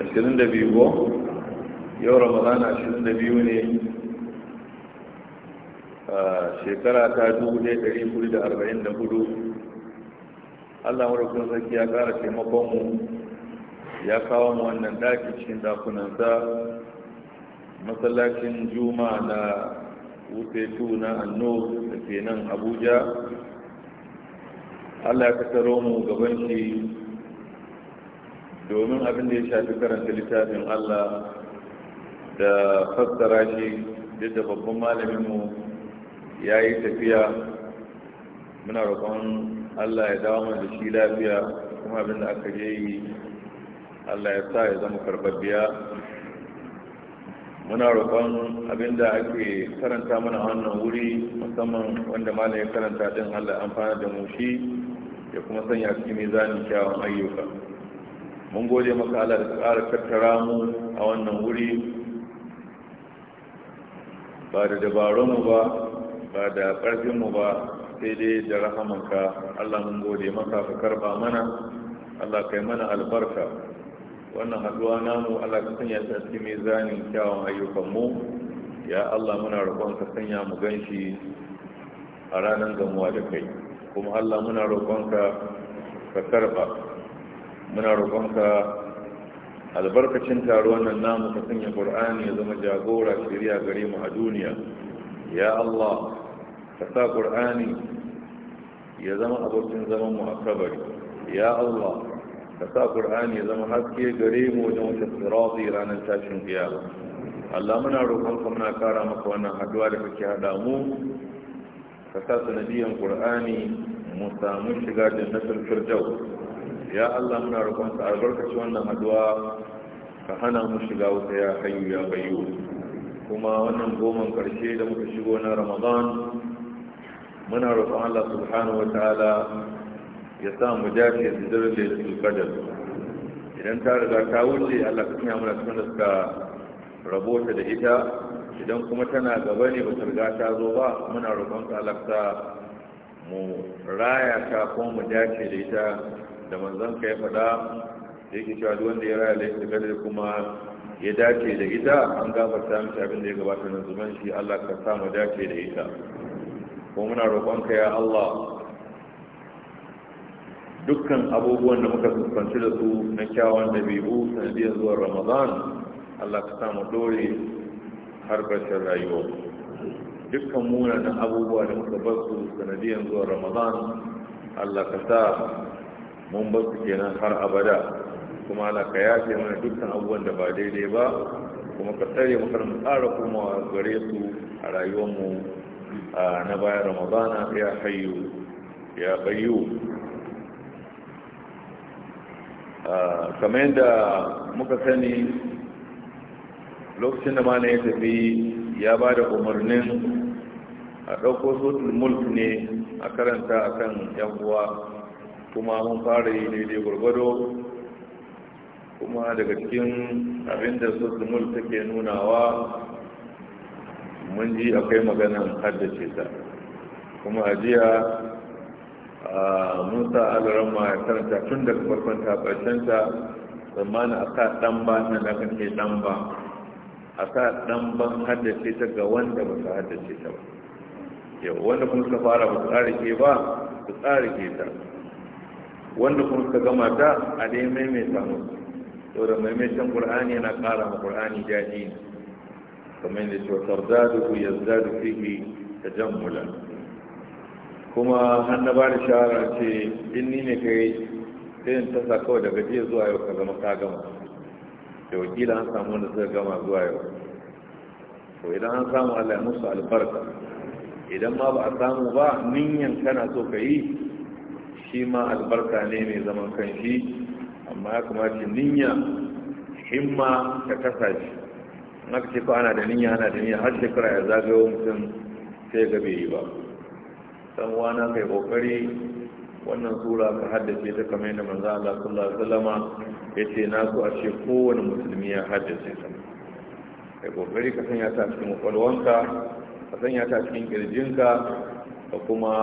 ashirin da biyu ko yau ramadan ashirin da biyu ne shekara ta dubu ɗaya ɗari hudu da arba'in da hudu allah marukun sarki ya ƙara taimakon mu ya kawo mu wannan ɗaki cikin ɗakunansa masallacin juma na wutetu na anno da ke nan abuja allah ya kasaro mu gaban shi domin abin da ya shafi karanta littafin Allah da fassara shi yadda babban malaminmu ya yi tafiya muna roƙon Allah ya dawo mana da shi lafiya kuma abin da aka je yi Allah ya sa ya zama karbabbiya muna roƙon abin da ake karanta mana wannan wuri musamman wanda malamin ya karanta din Allah amfana da mu shi ya kuma sanya cikin mizanin kyawun ayyuka mun gode maka Allah da ƙara tattara mu a wannan wuri ba da dabarun mu ba ba da ƙarfin mu ba sai dai da rahamanka Allah mun gode maka ka karba mana Allah kai mana albarka wannan haduwa namu Allah ka sanya ta cikin mizanin kyawun ayyukanmu ya Allah muna roƙon ka sanya mu ganshi a ranar gamuwa da kai kuma Allah muna roƙon ka ka karba muna roƙonka albarkacin taruwan nan namu ka sanya ƙur'ani ya zama jagora shiriya gare mu a duniya ya Allah ka sa ƙur'ani ya zama abokin zaman mu a kabari ya Allah ka sa ƙur'ani ya zama haske gare mu wajen wata sirati ranar tashin kiyama Allah muna roƙonka muna kara maka wannan haduwa da kake hada mu ka sa sanadiyan ƙur'ani mu samu shiga jannatul firdaus ya Allah muna roƙon ka albarkaci wannan haduwa ka hana mu shiga wuta ya hayu ya bayyu kuma wannan goman karshe da muka shigo na Ramadan muna roƙon Allah subhanahu wataala ya sa mu dace da daren lailatul qadr idan ta riga ta wuce Allah ka kiyaye mana cikin da suka rabota da ita idan kuma tana gaba ne ta riga ta zo ba muna roƙon ka Allah ka mu raya ta kuma mu dace da ita da manzon ka ya faɗa da yake cewa duk wanda ya raya laifin kadar kuma ya dace da ita an gafarta mishi abin da ya gabata na zuman shi Allah ka sa mu dace da ita ko muna roƙon ka ya Allah dukkan abubuwan da muka fuskanci da su na kyawun ɗabi'u sanadiyar zuwa ramadan Allah ka sa mu dore har ƙarshen rayuwa dukkan munanan abubuwa da muka bar su sanadiyar zuwa ramadan Allah ka sa mun ba su kenan har abada kuma ala ka yafe mana dukkan abubuwan da ba daidai ba kuma ka tsare mu mu tsara kuma gare su a rayuwarmu na bayan ramadana ya hayyu ya bayyu kamar yadda muka sani lokacin da mana ya tafi ya ba da umarnin a ɗauko sotul mulk ne a karanta akan yan uwa kuma mun fara yi daidai gwargwado kuma daga cikin abin da sosumul take nunawa mun ji akwai maganan haddace ta kuma a jiya mun sa ya karanta tun da farkon taɓarshenta tsammanin a sa dan ba na da ke dan ba a sa dan ban haddace ta ga wanda ba su haddace ta ba yau wanda kuma suka fara ba su tsarike ba su tsarike ta wanda kuma suka gama ta a dai maimaita musu saboda maimaitan qur'ani yana ƙara ma qur'ani daɗi kamar yadda cewa sardadu yazdadu fihi tajammula kuma har na ba da shawara ce in ni ne kai sai in tasa kawai daga jiya zuwa yau ka zama ka gama da wakila an samu wanda suka gama zuwa yau to idan an samu Allah ya musu albarka idan ma ba a samu ba niyan kana so ka yi shi ma albarka ne mai zaman kanshi amma ya kamata niyya himma ta kasa shi aka ce ko ana da niyya ana da niyya har shekara ya zagayo mutum sai ga bai yi ba san wana kai kokari wannan sura ka haddace ta kamar yadda manzo Allah sallallahu alaihi wasallama yace na so a ce kowane musulmi ya haddace ta kai kokari ka sanya ta cikin kwalwanka ka sanya ta cikin kirjinka da kuma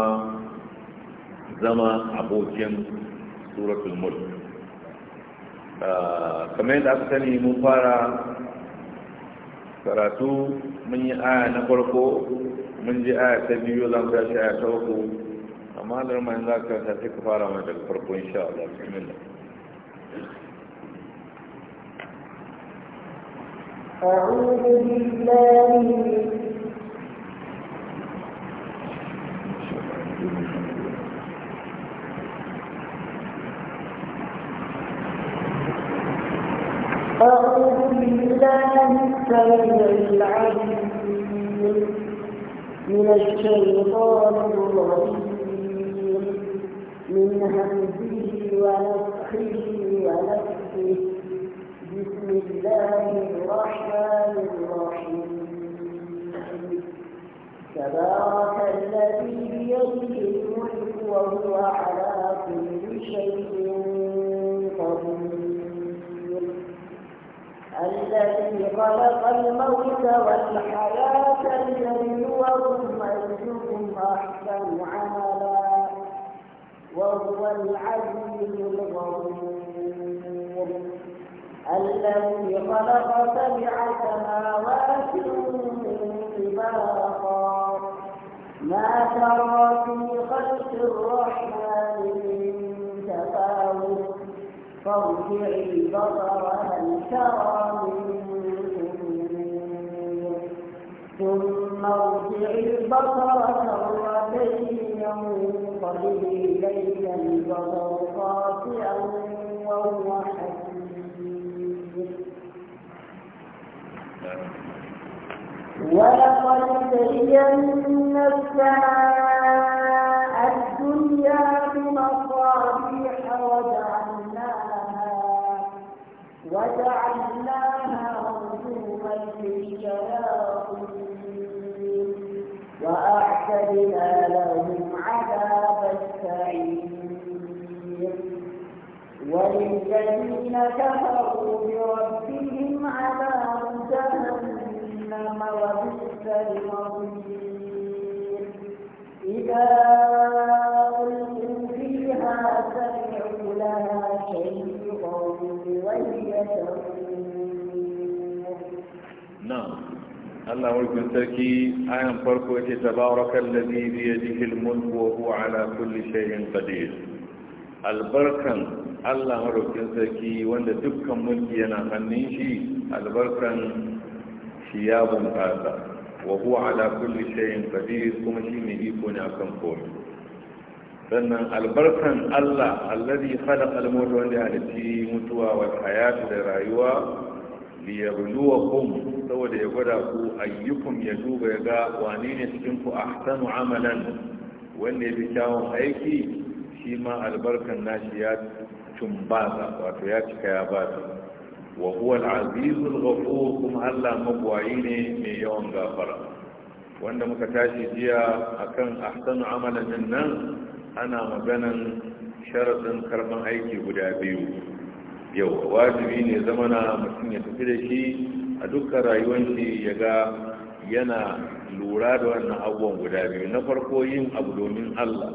zama abokin suratul mulk ah, kamar yadda aka sani mun fara karatu mun yi aya na farko mun ji aya ta biyu za mu tashi aya ta uku amma da rama yanzu aka ta sai ka fara mai daga farko insha Allah bismillah أعوذ بالله من الشيطان الرجيم من همزه ونفخه ونفخه بسم الله الرحمن الرحيم تبارك الذي بيده الملك وهو على كل شيء الذي خلق الموت والحياة ليبلوكم أيكم أحسن عملا وهو العزيز الغفور الذي خلق سبع سماوات طباقا ما ترى في خلق الرحمن من فارجع البصر هل ترى من ثم ارجع البصر كرتين ينقلب اليك البصر خاسئا وهو ولقد زينا السماء الدنيا بمصابيح وجعلناها رجوما للشياطين وأعتدنا لهم عذاب السعير وللذين كفروا بربهم عذاب جهنم وبئس المصير إذا Allah mulkin sarki ayan farko yake tabaraka allazi bi yadihi al-mulku wa huwa ala kulli shay'in qadir Albarkan Allah mulkin sarki wanda dukkan mulki yana hannun shi albarkan shi ya bunƙasa wa huwa ala kulli shay'in qadir kuma shi ne iko ne akan komai sannan albarkan Allah alladhi khalaqa al-mauta wanda al halitti mutuwa wa hayatu da rayuwa li yabluwakum saboda ya gwada ku ayyukum ya duba ya ga wane ne cikin ku ahsanu amalan wanda ya fi kyawun aiki shi ma albarkan nashi ya tumbaza wato ya cika ya bata wa huwa al-azizul ghafur kuma Allah magwayi ne mai yawan gafara wanda muka tashi jiya akan ahsanu amalan nan ana maganan sharaɗin karban aiki guda biyu yau wajibi ne zamana mutum ya tafi da shi a dukkan rayuwar shi ya ga yana lura da wannan abubuwan guda biyu na farko yin abu domin Allah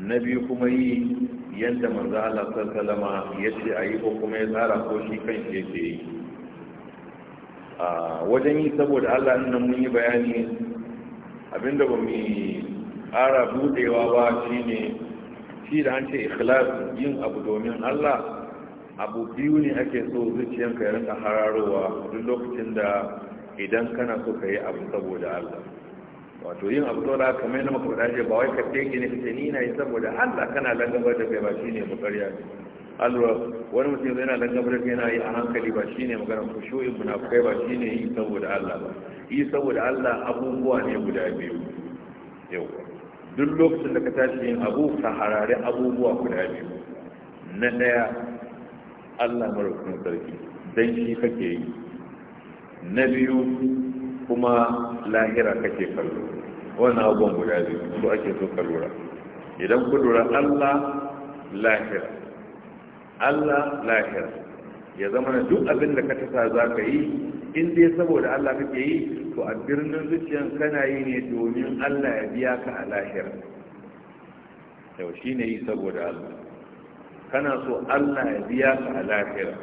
na biyu kuma yi yadda manzo Allah sallallahu ya ce a yi ko kuma ya tsara ko shi kan shi yake yi a wajen yi saboda Allah nan mun yi bayani abinda ba mu ƙara budewa ba shine shi da an ce ikhlas yin abu domin Allah abu biyu ne ake so zuciyanka ya rinka hararowa duk lokacin da idan kana so ka yi abu saboda Allah wato yin abu saboda kamar yana maka faɗa ba wai ka teke ne kace ni na yi saboda Allah kana langaba da kai ba shine mu ne. Allah wani mutum yana langaba da kai yana yi a hankali ba shine magana ku shoyin munafukai ba shine yi saboda Allah ba yi saboda Allah abubuwa ne guda biyu yau duk lokacin da ka tashi yin abu ka harare abubuwa guda biyu na ɗaya allah maraukin sarki don shi kake yi na biyu kuma lahira kake kallo wani abubuwan guda biyu su ake so ka lura idan ku lura allah lahira allah lahira ya zama na duk abin da ka tasa za ka yi in dai saboda Allah kake yi to a birnin zuciyan kana yi ne domin Allah ya biya ka a lahira yau shi ne yi saboda Allah kana so Allah ya biya ka a lahira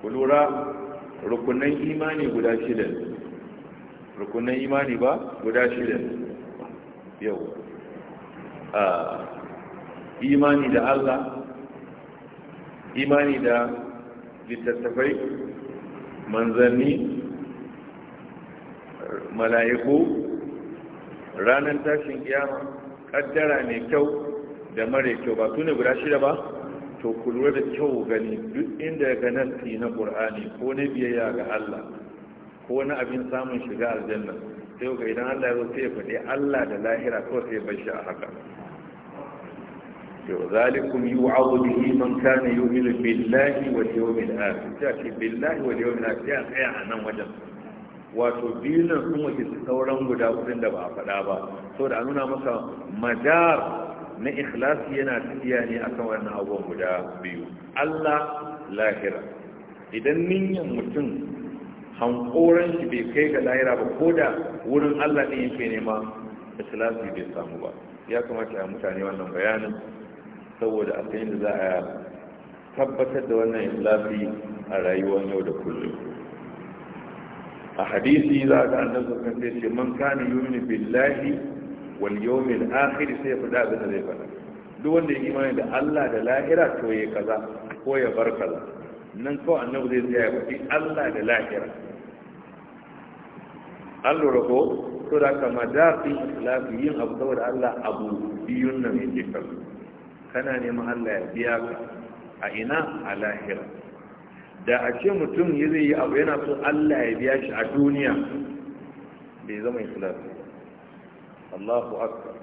ku lura rukunan imani guda shida rukunan imani ba guda shida yau a imani da Allah imani da littattafai manzanni mala'iku ranar tashin kiyama kaddara mai kyau da mara kyau ba tuni guda shida ba to ku da kyau gani duk inda ga nasi na Ƙur'ani ko na biyayya ga Allah ko na abin samun shiga aljanna sai ga idan Allah ya zo sai ya faɗi Allah da lahira ko sai ya bar shi a haka ذلكم يوعظ به من كان يؤمن بالله واليوم الآخر تأتي بالله واليوم الآخر يا أخي أنا وجد wato biyu nan kuma ke sauran guda kudin da ba a faɗa ba saboda da nuna masa madar na ikhlasi yana tafiya ne a kan wannan abubuwan guda biyu Allah lahira idan niyyar mutum hankoran shi bai kai ga lahira ba ko da wurin Allah ɗin yake nema ikhlasi bai samu ba ya kamata a mutane wannan bayanin saboda a da za a tabbatar da wannan islafi a rayuwar yau da kullum a hadisi za a ga annan sassan sai ce man kana yumin billahi wal yomin akhir sai faɗa abin da zai faɗa duk wanda ya imani da Allah da lahira to ya kaza ko ya bar kaza nan kawai annabu zai tsaya ya faɗi Allah da lahira an lura ko to da kama da fi islafi yin abu saboda Allah abu biyun nan ya kansu kana neman Allah ya biya ka a ina a lahira da a ce mutum ya zai yi abu yana so Allah ya biya shi a duniya bai zama islam Allahu akbar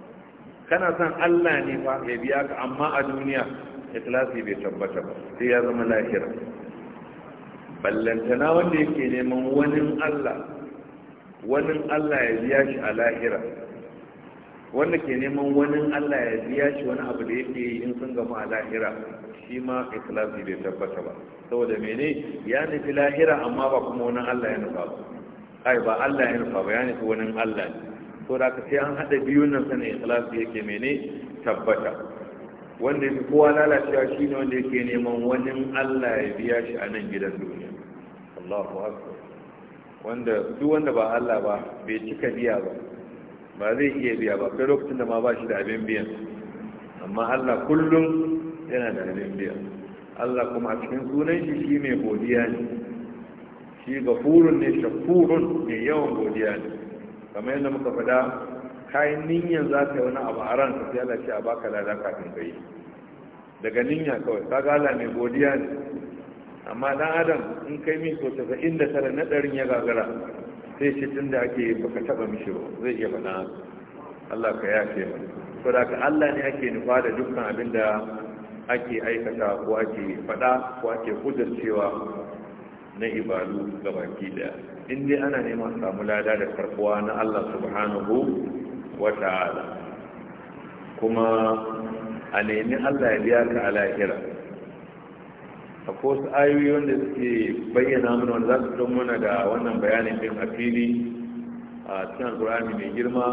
kana son Allah ne fa ya biya ka amma a duniya ikhlasi bai tabbata ba sai ya zama lahira ballantana wanda yake neman wani Allah wani Allah ya biya shi a lahira wanda ke neman wani Allah ya biya shi wani abu da yake yi in sun gama a lahira shi ma ikhlasi bai tabbata ba saboda mene ya nufi lahira amma ba kuma wani Allah ya nufa ba ai ba Allah ya nufa ba ya nufi wani Allah ne to da ka sai an hada biyu nan sana ikhlasi yake mene tabbata wanda yake kowa lalacewa ne wanda yake neman wani Allah ya biya shi a nan gidan duniya Allahu akbar wanda duk wanda ba Allah ba bai cika biya ba ba zai iya biya ba kai lokacin da ma ba shi da abin biyan amma Allah kullum yana da abin biya Allah kuma a cikin sunan shi shi mai godiya ne shi gafurun ne shakurun mai yawan godiya ne kamar yadda muka faɗa kayan niyyar za ka yi wani abu a ranka sai Allah ce a baka lada kafin ka yi daga niyya kawai kaga Allah mai godiya ne amma dan adam in kai min so 99 na ɗarin ya gagara sai shi tun da ake baka taba mishi ba zai iya faɗa Allah ka ya mu to da Allah ne ake nufa da dukkan abin da ake aikata ko ake faɗa ko ake kudurcewa na ibadu ga baki da in dai ana neman samu lada da karbuwa na Allah subhanahu wa ta'ala kuma a nemi Allah ya biya ka a lahira akwai wasu ayoyi wanda suke bayyana mana wanda za su don mana da wannan bayanin din a fili a cikin alkur'ani mai girma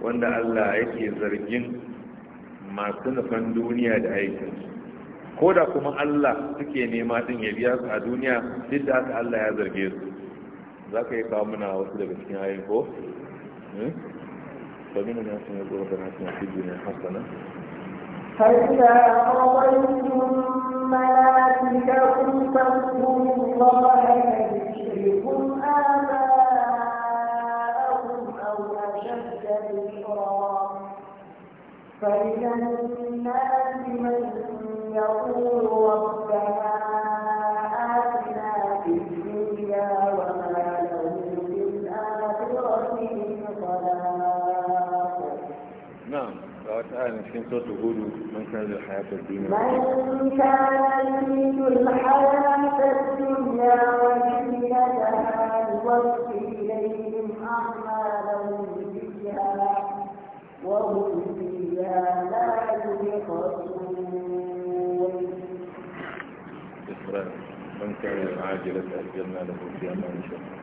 wanda allah yake zargin masu nufan duniya da aikin ko da kuma allah suke nema din ya biya su a duniya duk da haka allah ya zarge su za ka yi kawo mana wasu daga cikin ayoyi ko فمن الناس من يقول ربنا اتنا في الدنيا حسنه فاذا قضيتم أمهاتكم فاذكروا الله كذكركم آباءكم أو أشد ذكرا فمن الناس من يقول ربنا من شين صوت من كان الحياة الدنيا من كان يريد الحياة الدنيا وزينتها نوفي إليهم أعمالهم فيها وهم فيها لا يبخسون من كان العاجلة أجلنا له فيها ما نشاء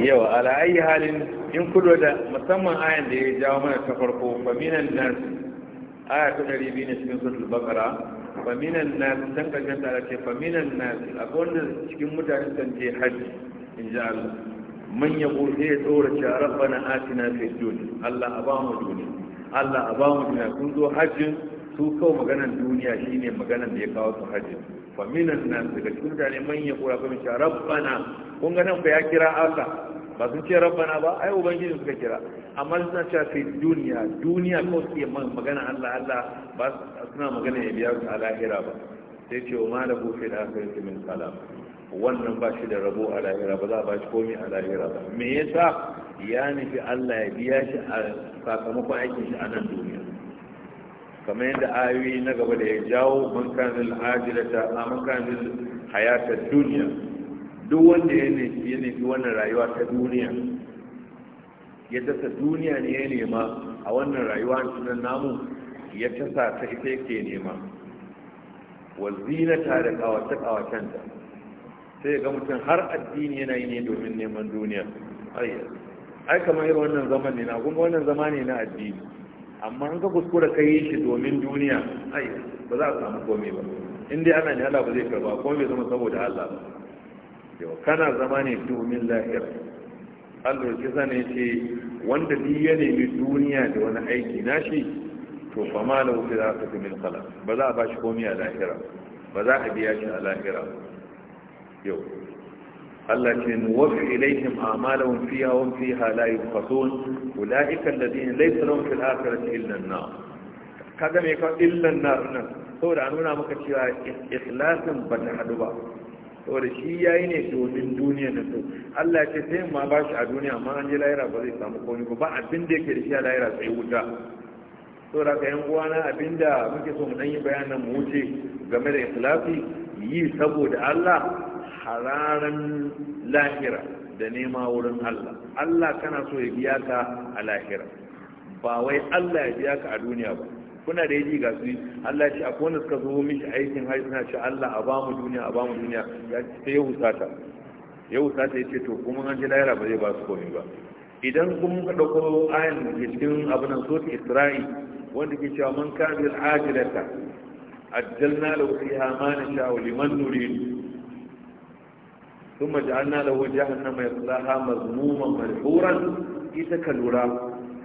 yawa ala'ayi halin in kudo da musamman ayan da ya jawo mana ta farko faminan nas aya ta ɗari biyu ne cikin suratul bakara faminan nas dan karshen ta ce faminan nas A wanda cikin mutane kan ce hajji in ji Allah man ya kurje ya tsoro ce rabbana atina fi dunya Allah a ba mu duniya Allah a ba mu duniya kun zo hajjin su kawo maganan duniya shine maganan da ya kawo su hajjin fa minan nan daga cikin mutane manyan kura kuma ce rabbana kun ga nan ba ya kira asa ba sun ce rabbana ba ai ubangiji suka kira amma suna cewa sai duniya duniya ko suke magana Allah Allah ba suna magana ya biya a lahira ba sai ce ma da bufe da aka yi min salam wannan ba shi da rabo a lahira ba za a ba shi komai a lahira ba me yasa ya nufi Allah ya biya shi a sakamakon aikin shi a nan duniya kamar yadda ayoyi na gaba da ya jawo mankanin kanil ajilata a mankanin hayata hayatar duniya duk wanda ya nufi wannan rayuwa ta duniya ya dasa duniya ne ya nema a wannan rayuwa sunan namu ya tasa ta ita yake nema wa zinata da kawace kawacenta sai ga mutum har addini yana yi ne domin neman duniya ai kamar irin wannan zamani na kuma wannan zamani na addini amma in ka kuskura ka yi shi domin duniya ai ba za a samu komai ba in dai ana ne Allah ba zai karba ko bai zama saboda Allah ba yau kana zama ne domin lahir Allah ya zane ce wanda ni ya nemi duniya da wani aiki nashi to fa ma lahu fi akhirati min khalaq ba za a bashi komai a lahira ba za a biya shi a lahira yau Allah ce nuwafi ilaihim amalahum fiha wa fiha la yubqasun ulaika alladhina laysa lahum fil akhirati illa an-nar kaga me ka illa an-nar nan saboda an nuna maka cewa ikhlasin ba ta hadu ba saboda shi yayi ne domin duniya na so Allah ce sai ma ba shi a duniya amma an je lahira ba zai samu komai ba ba abin da yake da shi a lahira sai wuta saboda ka yan uwana abinda muke so mu dan yi bayanan mu wuce game da ikhlasi yi saboda Allah hararan lahira da nema wurin Allah Allah kana so ya biya ka a lahira ba wai Allah ya biya ka a duniya ba kuna da yaji ga su Allah ya ce a kone suka zo mishi aikin hajji suna ce Allah a ba mu duniya a ba mu duniya ya ce sai ya husata ya husata ya ce to kuma an ji lahira ba zai ba su komai ba idan kun ka dauko ayan da cikin abin sura Isra'i wanda ke cewa man kana bil ajilata ajjalna lahu fiha ma nasha'u liman nurid ثم جعلنا له جهنم يصلاها مذموما مرحورا ita ka lura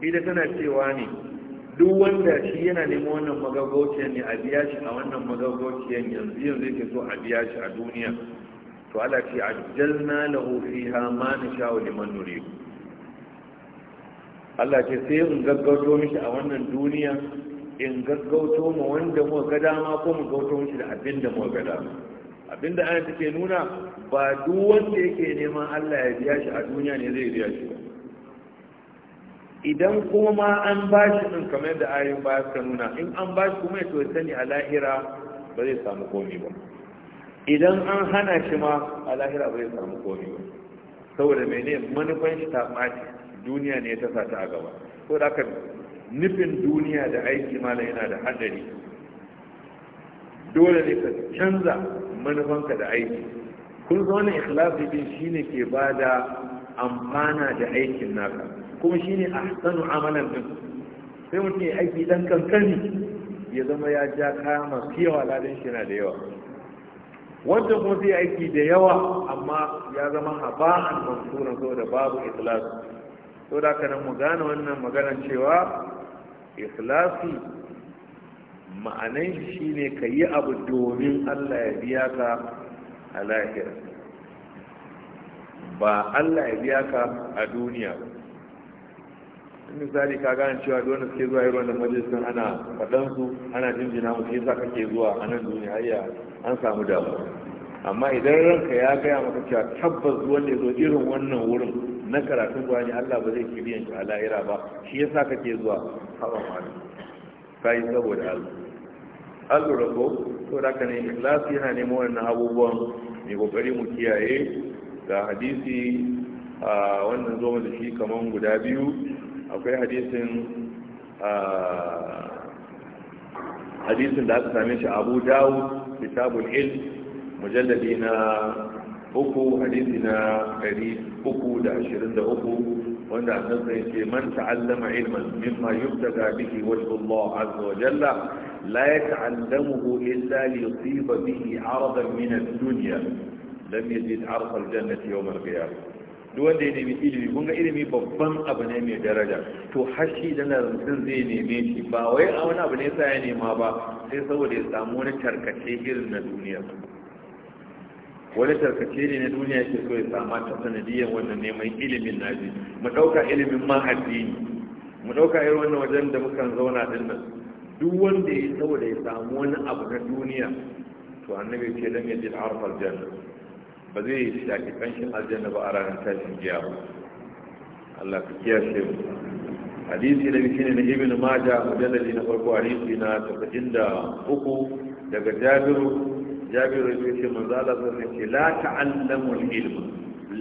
ita tana cewa ne duk wanda shi yana neman wannan magagauciyar ne a biya shi a wannan magagauciyar yanzu yanzu yake so a biya shi a duniya to Allah ce na lahu fiha ma na wa liman nuri Allah ce sai in gaggauto mishi a wannan duniya in gaggauto mu wanda mu ga dama ko mu gauto mishi da abin da mu ga dama abinda ana take nuna ba duk wanda yake neman Allah ya biya shi a duniya ne zai biya shi ba idan kuma ma an ba shi din kamar yadda ayoyin baya suka nuna in an ba shi kuma ya to sani a lahira ba zai samu komai ba idan an hana shi ma a lahira ba zai samu komai ba saboda mene manufan shi ta ɓaci duniya ne ta sata a gaba ko da nufin duniya da aiki malam yana da haɗari dole ne ka canza manufanka da aiki kun zo ne ikhlasi din shine ke bada amfana da aikin naka kuma shine ahsanu amalan din sai mutum ya aiki dan kankani ya zama ya ja kaya masu yawa ladan shi na da yawa wanda kuma zai aiki da yawa amma ya zama haba'an mansura saboda babu ikhlasi saboda haka nan mu gane wannan maganar cewa ikhlasi ma'anai shi ne ka yi abu domin allah ya biya ka a lahira ba allah ya biya ka a duniya ba misali ka gane cewa duk wanda suke zuwa irin wannan majalisun ana faɗan ana jinjina mu shi ka ke zuwa a nan duniya hayya an samu damu amma idan ranka ya gaya maka cewa tabbas wanda ya zo irin wannan wurin na karatun gwani Allah ba zai kibiyan shi a lahira ba shi yasa kake zuwa haɓa ka yi saboda Allah an lura ko to da ka ne ikhlasi yana neman wannan abubuwan mai kokari mu kiyaye ga hadisi a wannan zoma da shi kaman guda biyu akwai hadisin hadisin da aka same shi abu dawud kitabul ilm mujalladi na uku hadisi na ɗari uku da ashirin da uku wanda annabi ya ce man ta'allama ilman mimma yubtaga bihi wajhu Allah azza wa jalla لا يتعلمه إلا ليصيب به عرضا من الدنيا لم يجد عرض الجنة يوم القيامة duwan da ya nemi ilimi kun ga ilimi babban abu ne mai daraja to hashi da na mutum zai neme shi ba wai a wani abu ne sa ya nema ba sai saboda ya samu wani tarkace irin na duniya wani tarkace ne na duniya ke so ya sama ta sanadiyyar wannan neman ilimin naji mu ɗauka ilimin ma ne. mu ɗauka irin wannan wajen da mukan zauna ɗin nan duk wanda ya saboda ya samu wani abu na duniya to annabi ce lam yajid arf aljanna ba zai yi shaki kanshin aljanna ba a ranar tashin giya ba Allah ka kiyashe mu hadisi da shine na ibn majah mujallali na farko hadisi na da uku, daga jabiru jabiru ya ce manzo Allah sai ce la ta'allamu al-ilma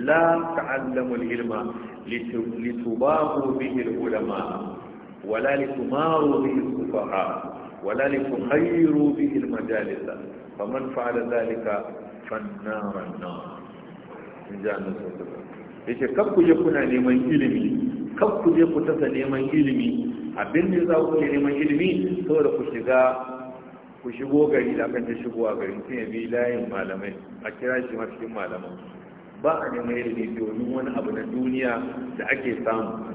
la ta'allamu al-ilma litubahu bihi al-ulama ولا لتماروا به السفهاء ولا لتخيروا به المجالس فمن فعل ذلك فالنار النار in ji annan sosai ya ce kakku je kuna neman ilimi kakku je ku tasa neman ilimi abin da za ku ke neman ilimi saboda ku shiga ku shigo gari da kan ta shigowa garin sun yabi layin malamai a kira shi ma cikin malaman ba a neman ilimi domin wani abu na duniya da ake samu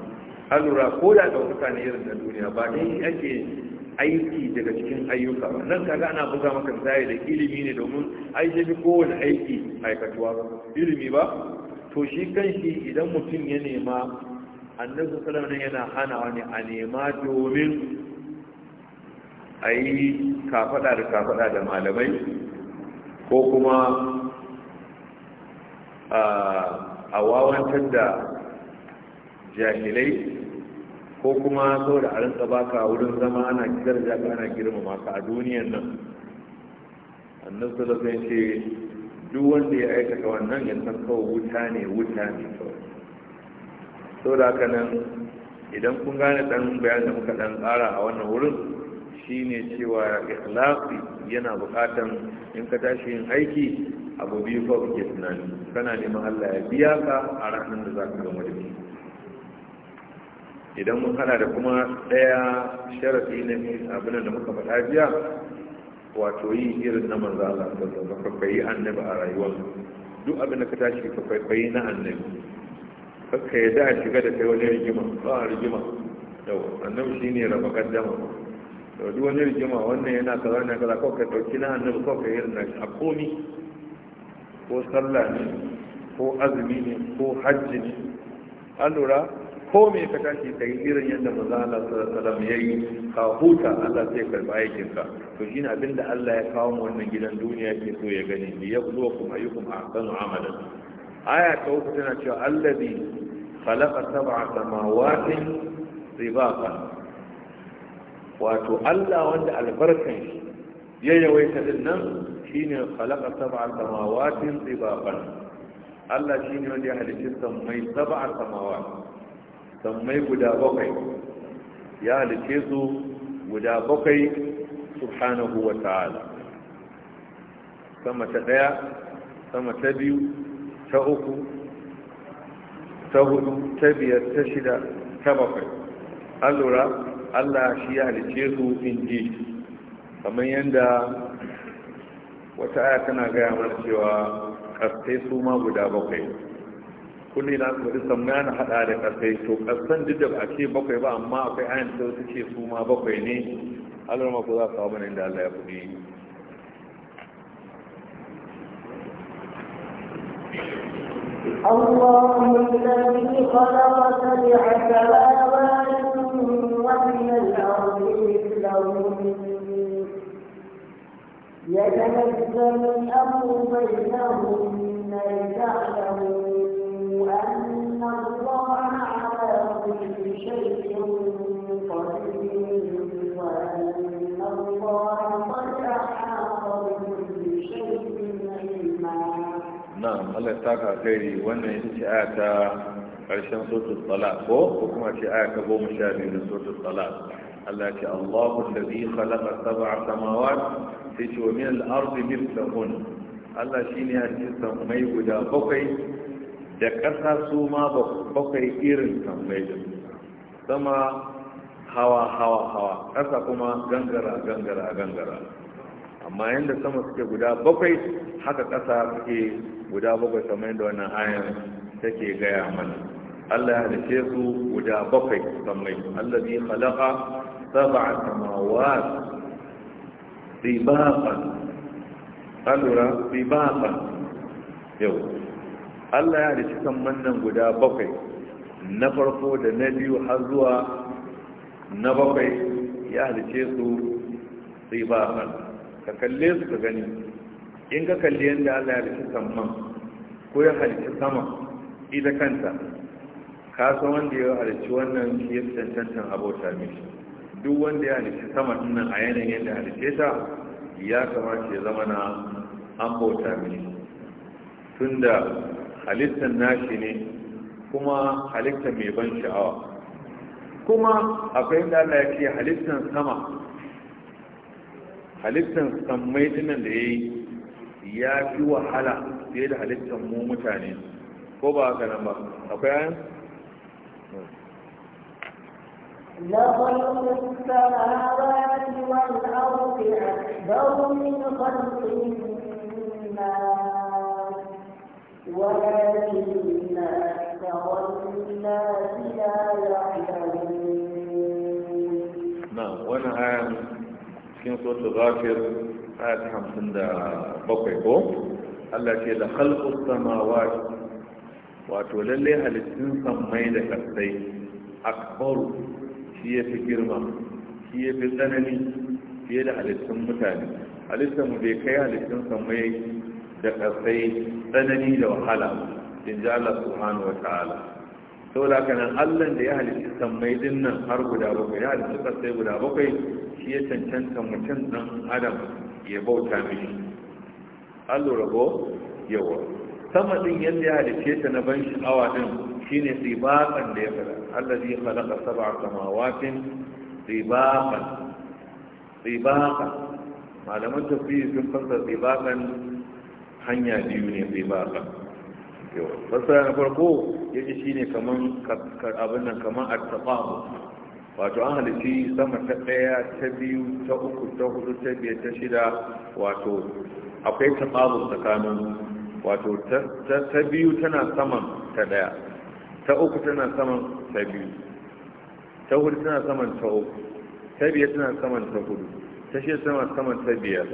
alura ko da ɗaukaka ne irin na duniya ba ne ake aiki daga cikin ayyuka ba nan kaga ana buga maka misali da ilimi ne domin ai ya ko kowane aiki aikatuwa ilimi ba to shi kanshi idan mutum ya nema annabi sallallahu alaihi yana hana ne a nema domin a yi kafaɗa da kafaɗa da malamai ko kuma ah, a wawantar da jahilai ko kuma so da a tsaba baka wurin zama ana daraja ka ana girmama ka a duniyar nan annabi sallallahu ce duk wanda ya aikata wannan ya san kawai wuta ne wuta ne kawai so da haka nan idan kun gane dan bayan da muka dan tsara a wannan wurin shine cewa ikhlasi yana bukatan in ka tashi yin aiki abu biyu fa tunani kana neman Allah ya biya ka a ranar da zaka gama da idan mun hana da kuma ɗaya sharafi na abin da muka faɗa biya wato yi irin na manzo Allah da alaihi kwaikwayi annabi a rayuwar duk abin da ka tashi ka kwaikwayi na annabi kakka ya da shiga da kai wani rigima ba rigima yau annabi shine raba kaddama to duk wani rigima wannan yana kaza ne kaza ko ka dauki na annabi ko ka irin na a komi ko sallah ne ko azumi ne ko hajji ne an lura ko me ka tashi ka yi irin yadda maza Allah sallallahu ya yi ka huta Allah zai karɓi aikinka to shine abin da Allah ya kawo mu wannan gidan duniya ke so ya gani li yabluwakum ayyukum ahsanu amalan aya ta uku tana cewa allazi khalaqa sab'a samawatin ribaqa wato Allah wanda albarkan shi ya yawaita din nan shine khalaqa sab'a samawatin ribaqan Allah shine wanda ya halicci mai sab'a samawatin sammai guda bakwai ya halice su guda bakwai subhanahu wa ta'ala sama ta daya sama ta biyu ta uku ta hudu ta biyar ta shida ta bakwai allura allah shi ya halice su in ji kamar yadda wata aya tana gaya mana cewa ƙarfe su ma guda bakwai kulli na su bari samna na hada da kasai to kasan duk da ba ce bakwai ba amma akwai ayan da su ce su ma bakwai ne alrama ko za su hawa da Allah ya kudi الله الذي خلق سبع سماوات ومن الأرض مثلهم يتنزل الأمر بينهن لتعلموا نعم الله يتاكى خيري وانا ينتي آتا عشان سورة الطلاق هو وكما تي آتا بو مشابه من سورة الطلاق الله يتاكى الله الذي خلق سبع سماوات في شو من الأرض مثل هنا الله شيني هاتي سمعي ودا بقي da ƙasa su ma bakwai irin tambayi sama hawa hawa hawa ƙasa kuma gangara gangara gangara amma yadda sama suke guda bakwai haka ƙasa suke guda bakwai sama yadda wannan ayan take gaya mana Allah ya halice su guda bakwai samai allazi khalaqa sab'a samawat sibaqan alura sibaqan yau Allah ya halici kan mannan guda bakwai na farko da na biyu har zuwa na bakwai ya halice su sai ba a ka kalle su ka gani in ka kalli yadda Allah ya halici kan man ko ya halici sama ita kanta kasa wanda ya halici wannan ya fi cancantan abota ne duk wanda ya halici sama dinnan a yanayin yadda halice ta ya kamata ya zama na an bauta mishi tunda halittar nashi ne kuma halittar mai ban sha'awa kuma akwai da Allah ya ce halittar sama halittar sammai dinan da ya yi ya fi wahala fiye da halittar mu mutane ko ba haka nan ba akwai ayan لخلق السماوات والأرض أكبر من خلق ولكن أكثر الناس لا يعلمون نعم وأنا الآن في سورة غافر آية 57 كو Allah ce da halkus samawa wato lalle halittun sammai da kasai akbaru shi ya fi girma shi ya fi tsanani fiye da halittun mutane halittun mu bai kai halittun sammai da kasai tsanani da wahala in ji Allah subhanahu wa ta'ala saboda haka nan Allah da ya halitta sammai din nan har guda bakwai ya halitta kasai guda bakwai shi ya cancanta mutum dan adam ya bauta mishi Allah rabo yawa sama din yadda ya halitta ta na ban sha'awa din shine ribaqan da ya fara allazi khalaqa sab'a a samawatin ribaqan ribaqan malaman tafsiri sun fasa ribaqan hanya biyu ne zai ba ka fasara na farko ya ce shine kaman abin nan kaman artafahu wato an halitti sama ta ɗaya ta biyu ta uku ta hudu ta biyar ta shida wato akwai tafahu tsakanin wato ta biyu tana saman ta ɗaya ta uku tana saman ta biyu ta hudu tana saman ta uku ta biyar tana saman ta hudu ta shida tana saman ta biyar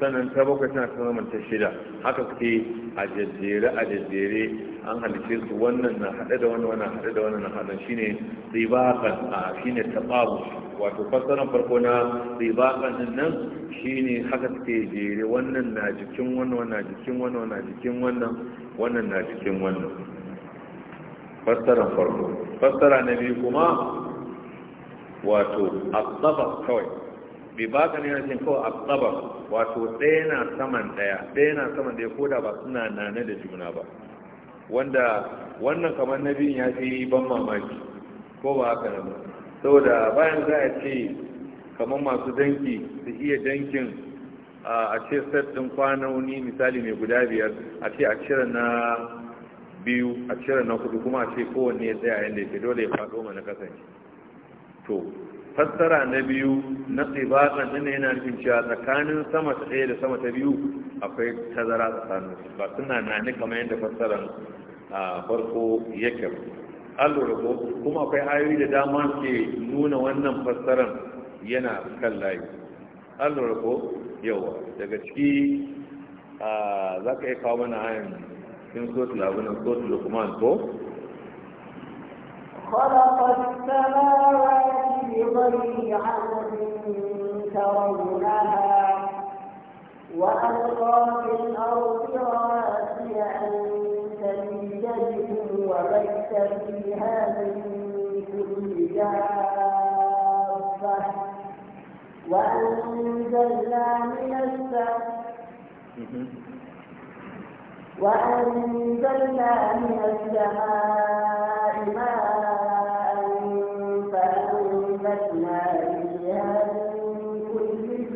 sannan ta bakwai tana ta zaman ta shida haka suke a jajjere a jajjere an halice su wannan na haɗe da wannan wannan haɗe da wannan na haɗe shine ribakan a shine tababu wato fassarar farko na ribakan din nan shine haka suke jere wannan na jikin wannan wannan na jikin wannan na jikin wannan wannan na jikin wannan fassarar farko fassara na biyu kuma wato asaba kawai bai ba ka nuna yana cin kawai asabar wato ɗaya na saman ɗaya ɗaya na saman ɗaya ko da ba suna nane da juna ba wanda wannan kamar na biyun ya fi ban mamaki ko ba haka nan saboda bayan za a ce kamar masu danki su iya dankin a ce set ɗin kwanoni misali mai guda biyar a ce a cire na biyu a cire na kudu kuma a ce kowanne ya tsaya yadda ya dole ya faɗo mana kasance to fassara na biyu na tsibatan din yana nufin cewa tsakanin sama ta ɗaya da sama ta biyu akwai tazara tsakanin su ba suna na ni kamar yadda fassaran farko yake ba ko kuma akwai ayoyi da dama ke nuna wannan fassaran yana kan layi allura yawa daga ciki za ka iya kawo mana ayan cikin sotul abinan sotul lukman ko خلق السماوات بغير عمد ترونها وألقى في الأرض رواسي أن تميد بكم وبث فيها من كل دابة وأنزلنا من السماء وأنزلنا من السماء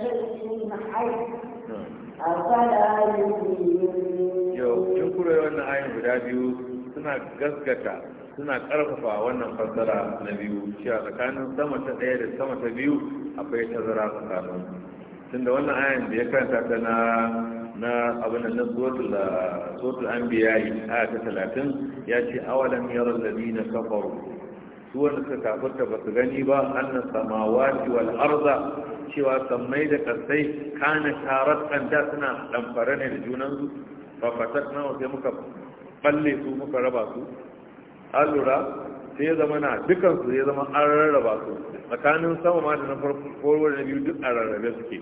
Yau, حي wannan ayin guda biyu suna gaskata suna karfafa wannan fassara na biyu cewa tsakanin sama ta ɗaya da sama ta biyu akwai tazara tsakanin tunda wannan ayin da ya karanta ta na na abin na biya yi a ta talatin ya ce awalan na yaral na kafaru su wanda suka kafurta ba su gani ba annan samawa ciwal arza. cewa sammai da kasai kana kan da suna damfare ne da junansu ba fatar na sai muka balle su muka raba su an lura sai ya zama na dukan su ya zama an rarraba su tsakanin sama ma da na farko na biyu duk a rarrabe suke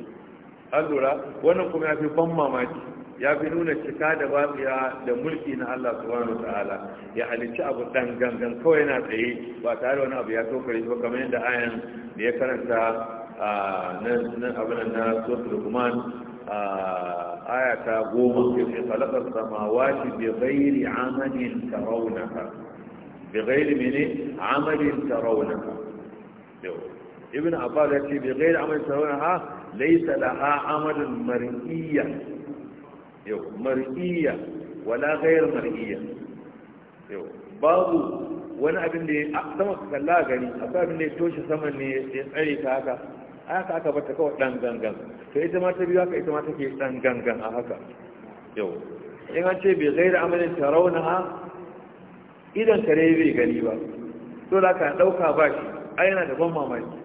an lura wannan kuma ya fi ban mamaki ya fi nuna cika da babiya da mulki na Allah subhanahu ta'ala ya halicci abu dan gangan kawai na tsaye ba tare wani abu ya tokare shi ba kamar yadda ayan da ya karanta nan abin da na suratul a aya ta goma ke sai khalaqa samawati bi ghairi amalin tarawunaha bi ghairi mene amalin tarawunaha yau ibn abbas ya ce bi ghairi amalin tarawunaha laysa ha amalun mar'iyya yau mar'iyya wala ghayr mar'iyya yau babu wani abin da ya sama kalla gani a akwai abin da ya toshe saman ne ya tsare ta haka haka aka bata kawai dan gangan to ita ma ta biyu haka ita ma take dan gangan a haka yau in an ce bai gaira amalin tarawunaha idan kare bai gani ba to da ka dauka ba shi ai yana da ban mamaki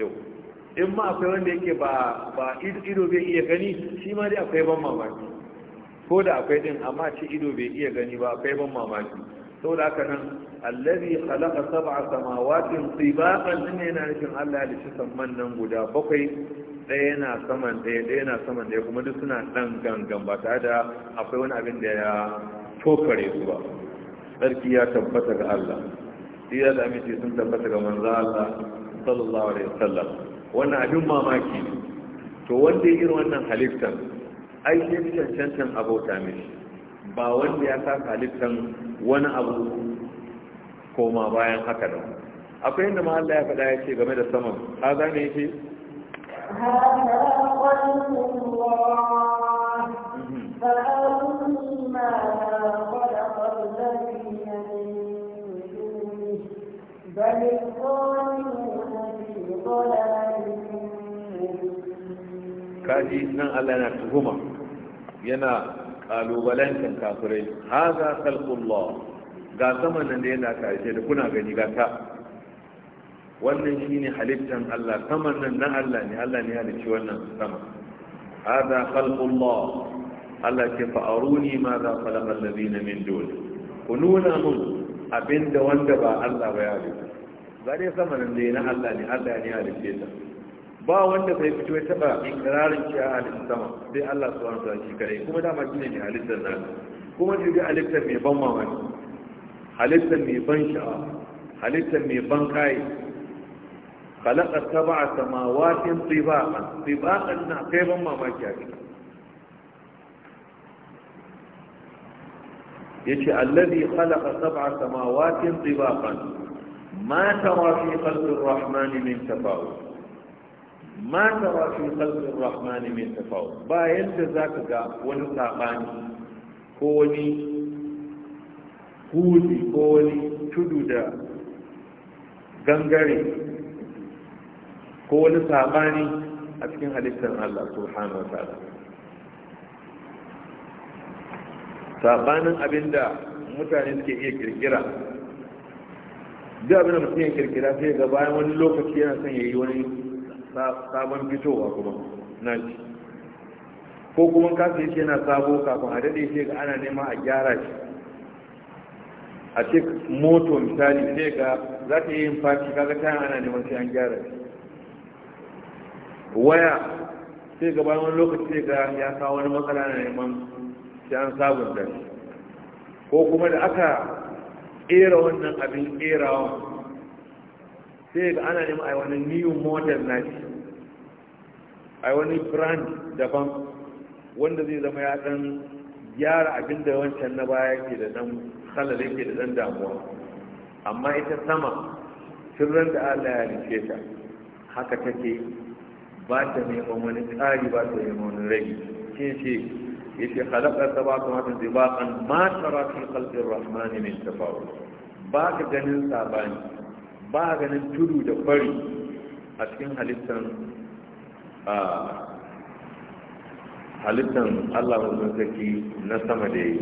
yau in ma akwai wanda yake ba ba ido bai iya gani shi ma dai akwai ban mamaki ko da akwai din amma ce ido bai iya gani ba akwai ban mamaki saboda haka nan allazi khalaqa sab'a samawatin tibaqan din yana nufin Allah ya lishi samman nan guda bakwai ɗaya yana saman ɗaya ɗaya yana saman ɗaya kuma duk suna ɗan gangan ba tare da akwai wani abin da ya tokare su ba Sarki ya tabbata ga Allah iya da amince sun tabbata ga manzo Allah sallallahu alaihi wasallam wannan abin mamaki ne to wanda ya irin wannan halittar ai shi cancantan abota mishi ba wanda ya sa halittan wani abu koma bayan haka da akwai inda ma Allah ya faɗa ya ce game da saman ha zane ne yake بل الظالمون في ضلال yana tuhuma yana kalubalen kafirai haza khalqullah ga saman nan da yana karshe da kuna gani ga ta wannan ne halittar Allah saman nan na Allah ne Allah ne halicci wannan sama Ha haza khalqullah Allah ke fa'aruni ma za khalaqa zina min dole. ku nuna mun abinda wanda ba Allah ba ya halitta ba dai sama nan da na Allah ne Allah ne halicce ta ba wanda bai fito ya taba ikrarin shi a halittar sama sai Allah subhanahu wa ta'ala shi kare kuma dama shine ne halittar nan kuma shi zai halittar mai ban mamaki halittar mai ban sha'awa halittar mai ban kai khalaqa sab'a samawatin tibaqan tibaqan na kai ban mamaki a cikin yace allazi khalaqa sab'a samawatin tibaqan ma tara fi khalqi ar-rahmani min tafawut ma tara fi khalqir rahmani min tafawut ba yadda zaka ga wani sabani ko wani huzi ko wani tudu da gangare ko wani sabani a cikin halittar Allah subhanahu wa ta'ala sabanin abinda mutane suke iya kirkira duk abin da mutum ya kirkira sai ga bayan wani lokaci yana son ya yi wani sabon fitowa kuma na shi ko kuma kasa yake yana sabo kafin a daɗe ce ga ana nema a gyara shi a ce moto misali ce ga za ta yi yin faci kaga ta ana neman sai an gyara shi waya sai ga bayan wani lokaci sai ga ya kawo wani matsala na neman sai an sabunta shi ko kuma da aka ƙera wannan abin ƙerawa sai ga ana neman ai wani new model na shi ai wani brand daban wanda zai zama ya dan gyara abin da wancan na baya ke da dan halale ke da dan damuwa amma ita sama sirran da Allah ya rike ta haka take ba ta neman wani tsari ba ta neman wani rage kin shi yace khalaqa sab'atan dibaqan ma tara fi khalqi rahmani mai tafawut ba ka ganin sabani ba ganin tudu da fari a cikin halittar halittar Allah mutum zaki na sama da yi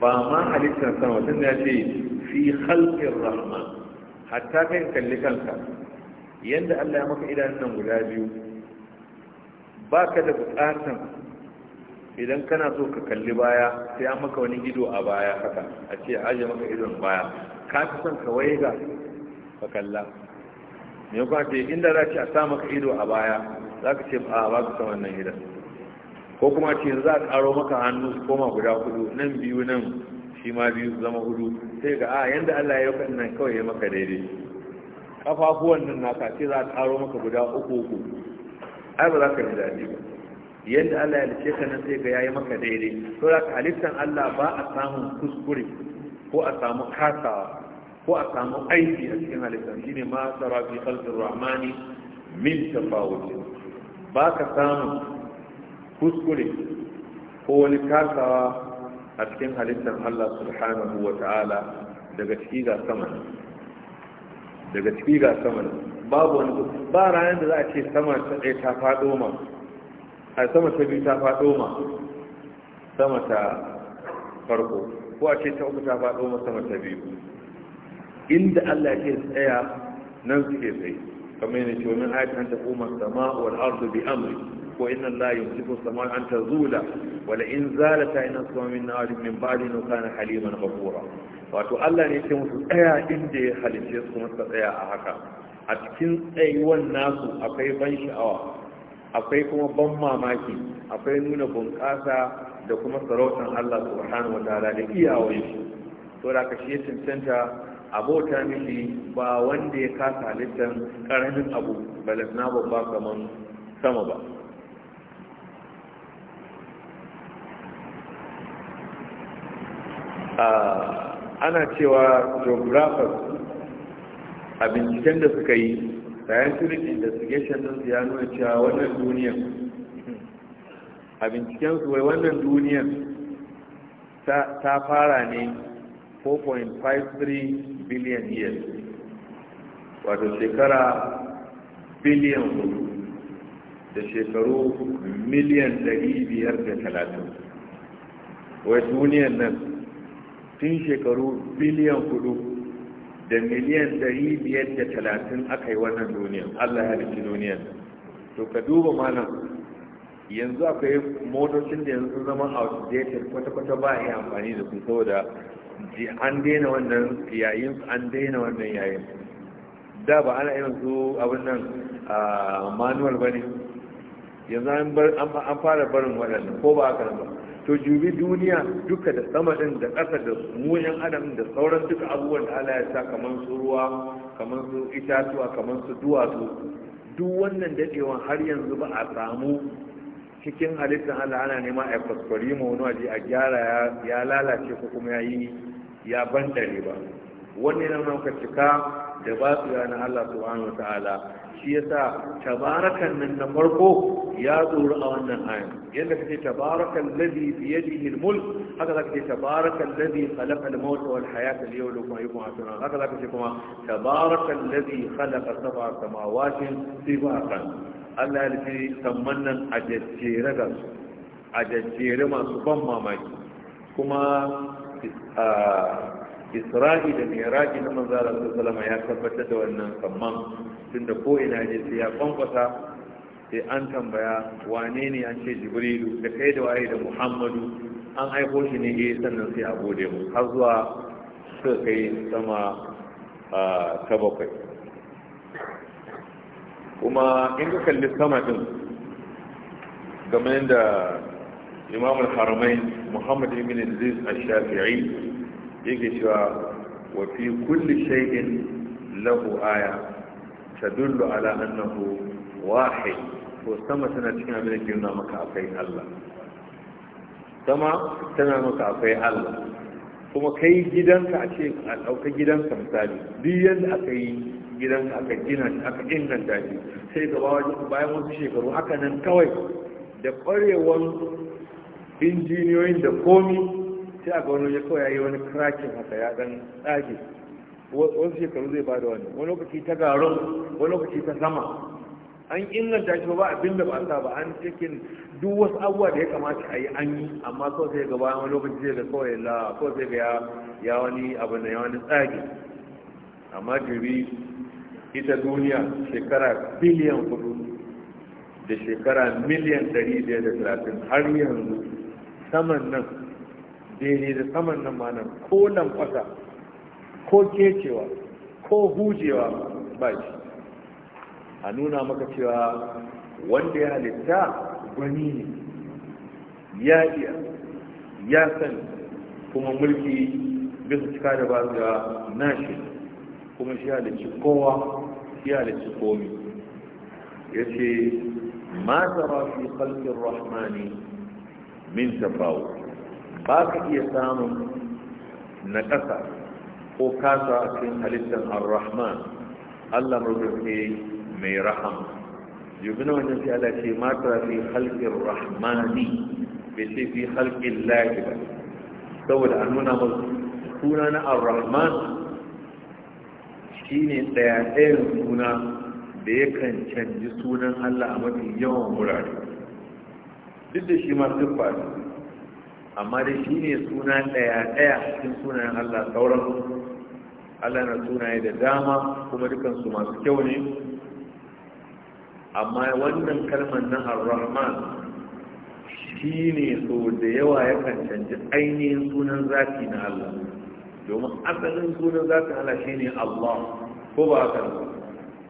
ba ma halittar sama sun ya ce fi halkin rahma hatta kai kalli kanka yadda Allah ya maka idanun nan guda biyu ba ka da bukatan idan kana so ka kalli baya sai an maka wani ido a baya haka a ce aje maka idon baya ka fi son ka ga. ka kalla me yau ce inda za ce a sa maka ido a baya za ka ce a ba ka san wannan idan ko kuma ce za a karo maka hannu su koma guda hudu nan biyu nan shi ma biyu zama hudu sai ga a yanda Allah ya yi nan kawai ya maka daidai kafafuwan nan naka ce za a karo maka guda uku uku ai ba za ka ji daɗi ba yadda Allah ya lice ka nan sai ga yayi maka daidai to da halittar Allah ba a samun kuskure ko a samu kasawa ko a samu aiki a cikin halittar, shine ne tara fi khalqir rahmani min tafawuce ba ka samu kuskure ko wani kasawa a cikin halittar Allah subhanahu wa ta'ala daga ciki ga sama daga ciki ga sama babu wani ba ranar da za a ce sama ta ɗaya ta faɗo ma a sama ta biyu ta faɗo ma sama ta farko ko a ce ta uku ta faɗo ma sama ta biyu inda Allah ke tsaya nan suke tsaye kamar yana ce wani ayatan ta kuma sama wal ardu bi amri ko inna Allah yumsiku sama an tazula wala in zalata inna sama min na'alim min ba'di na kana haliman ghafura wato Allah ne ke musu tsaya inda ya halice su kuma suka tsaya a haka a cikin tsayuwan nasu akwai ban sha'awa akwai kuma ban mamaki akwai nuna bunƙasa da kuma sarautar Allah subhanahu wa ta'ala da iyawan shi to da ka shi ya cancanta abota mishi ba wanda ya kasa littan karamin abu na babba kamar sama ba ana cewa geographers a binciken da suka yi scientific investigation don su ya nuna cewa wannan duniyan a binciken su wai wannan duniyan ta fara ne 4.53 billion years wato shekara biliyan hudu da shekaru miliyan biyar da talatin wai duniyan nan tun shekaru biliyan hudu da miliyan biyar da talatin aka yi wannan duniyan allah ya rikin duniyan to ka duba mana yanzu akwai motocin da yanzu zama outdated kwata-kwata ba a yi amfani da su saboda an daina wannan yayin an daina wannan yayin da ba ana irin su abin nan manual ba ne yanzu an fara barin waɗanda, ko ba aka ba to jubi duniya duka da sama ɗin da ƙasa da muyan adam da sauran duka abubuwan da Allah ya sa kamar su ruwa kamar su itatuwa kamar su duwatsu duk wannan daɗewan har yanzu ba a samu cikin halittar Allah ana nema a kwaskwari ma wani waje a gyara ya lalace ko kuma ya yi ya bandare ba wannan yana nuna cika da ba su ya na Allah subhanahu wataala shi yasa tabarakan nan na farko ya tsoro a wannan ayan yadda kace tabarakan ladhi bi yadihi al-mulk haka zaka ce tabarakan ladhi khalaqa al-maut wal hayata liyawlikum ayyukum ahsanu haka zaka ce kuma tabarakan ladhi khalaqa sab'a samawati tibaqa allah ya nufi samman nan a jajjere ga su a jajjere masu ban mamaki kuma isra'i da miraji na manzara su salama ya tabbatar da wannan tamman tunda ko ina ne sai ya kwankwasa sai an tambaya wane ne an ce jibrilu da kai da waye da muhammadu an aiko shi ne ya eh, sannan sai a gode mu har zuwa suka kai sama ta bakwai kuma in ka kalli sama din game da imam al-haramai muhammad ibn aziz al-shafi'i yake cewa wa fi kulli shay'in lahu aya tadullu ala annahu wahid to sama tana cikin abin da ke nuna maka akwai Allah sama tana maka akwai Allah kuma kai gidanka a ce a ɗauka gidanka misali duk yadda aka yi Gidan aka gina shi aka inganta shi sai gaba bayan wasu shekaru haka nan kawai da ƙwarewar injiniyoyin da komi sai a ga wani ya kawai ya yi wani krakin haka ya dan tsage wasu shekaru zai bada wani wani lokaci ta garin wani lokaci ta sama an inganta shi ba abin da ba sa ba an cikin duk wasu abubuwa da ya kamata a yi an yi amma kawai sai ga bayan wani lokaci zai ga kawai la kawai sai ga ya wani abu na ya wani tsage amma jiri ita duniya shekara biliyan hudu da shekara miliyan ɗari da talatin har yanzu saman nan daidai da saman nan ma nan ko lamfasa ko kecewa ko hujewa ba shi a nuna maka cewa wanda ya halitta gwani ne ya iya ya san kuma mulki bisa cika da ba da nashi. kuma shi halicci kowa shi halicci komi ya ce ma tara fi khalqir rahmani min tafawu ba ka iya samun na ƙasa ko kasa a cikin halittar ar-rahman Allah murgurke mai rahama yubi na wajen sai Allah ce ma tara fi khalqir rahmani bai ce fi khalqin lahi ba saboda a nuna masu suna na ar-rahman ne ɗaya ɗayan suna da yakan canji sunan Allah a mafi yawan wurare duk da shi ma duk faru amma dai shi ne suna ɗaya ɗaya cikin sunayen Allah sauran Allah na sunaye da dama kuma dukansu masu kyau ne amma wannan kalmar na ar-rahman shi ne so da yawa yakan canji ainihin sunan zafi na Allah domin asalin sunan za ta hala shi ne Allah ko ba haka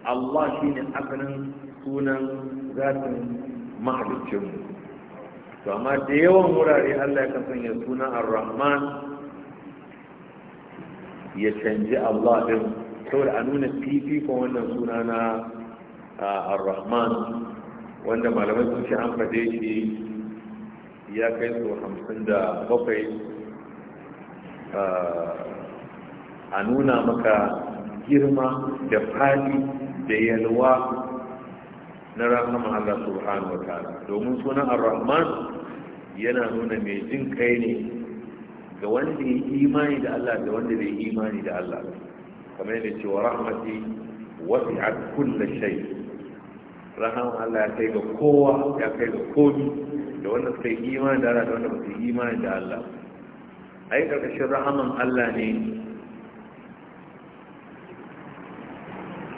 Allah shi ne asalin sunan zatin mahalicinmu to amma da yawan wurare Allah ya ya sunan ar-Rahman ya canji Allah din saboda a nuna fifikon wannan suna na ar-Rahman wanda malamai sun shi an fade shi ya kai su hamsin da bakwai a nuna maka girma da fadi da yalwa na rahama Allah subhanahu wa ta'ala domin sunan ar-rahman yana nuna mai jin kai ne ga wanda ya imani da Allah da wanda bai imani da Allah kamar yadda cewa rahmati wasi'at kulli shay rahama Allah ya kai ga kowa ya kai ga komi da wanda suka yi imani da Allah da wanda ba su yi imani da Allah yi ƙarƙashin rahaman Allah ne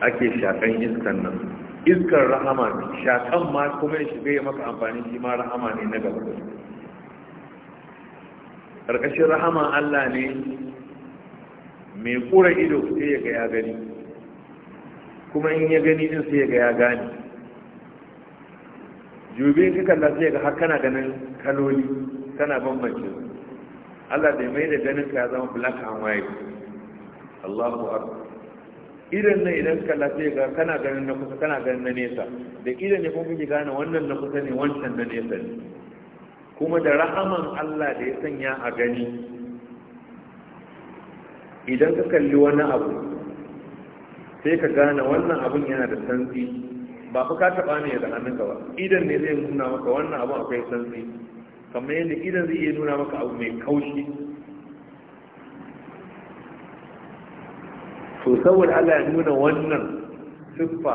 ake shakan iskan nan iskar rahama ne shakan ma kuma shi bai maka amfani shi ma rahama ne na gaba ƙarƙashin rahaman Allah ne mai ƙura ido sai ya ga ya gani kuma in ya gani din sai ya ga ya gani jubi ka kalla sai ga har kana ganin kaloli kana bambance su Allah bai mai da ganin ka ya zama black and white Allahu akbar idan ne idan ka lafiya ga kana ganin na kusa kana ganin na nesa da idan ne kuma kike gane wannan na kusa ne wancan na nesa ne kuma da rahaman Allah da ya sanya a gani idan ka kalli wani abu sai ka gane wannan abun yana da santsi ba fa ka taba ne da hannunka ba idan ne zai nuna maka wannan abu akwai santsi kamar yadda idan zai iya nuna maka abu mai kaushi to saboda Allah ya nuna wannan siffa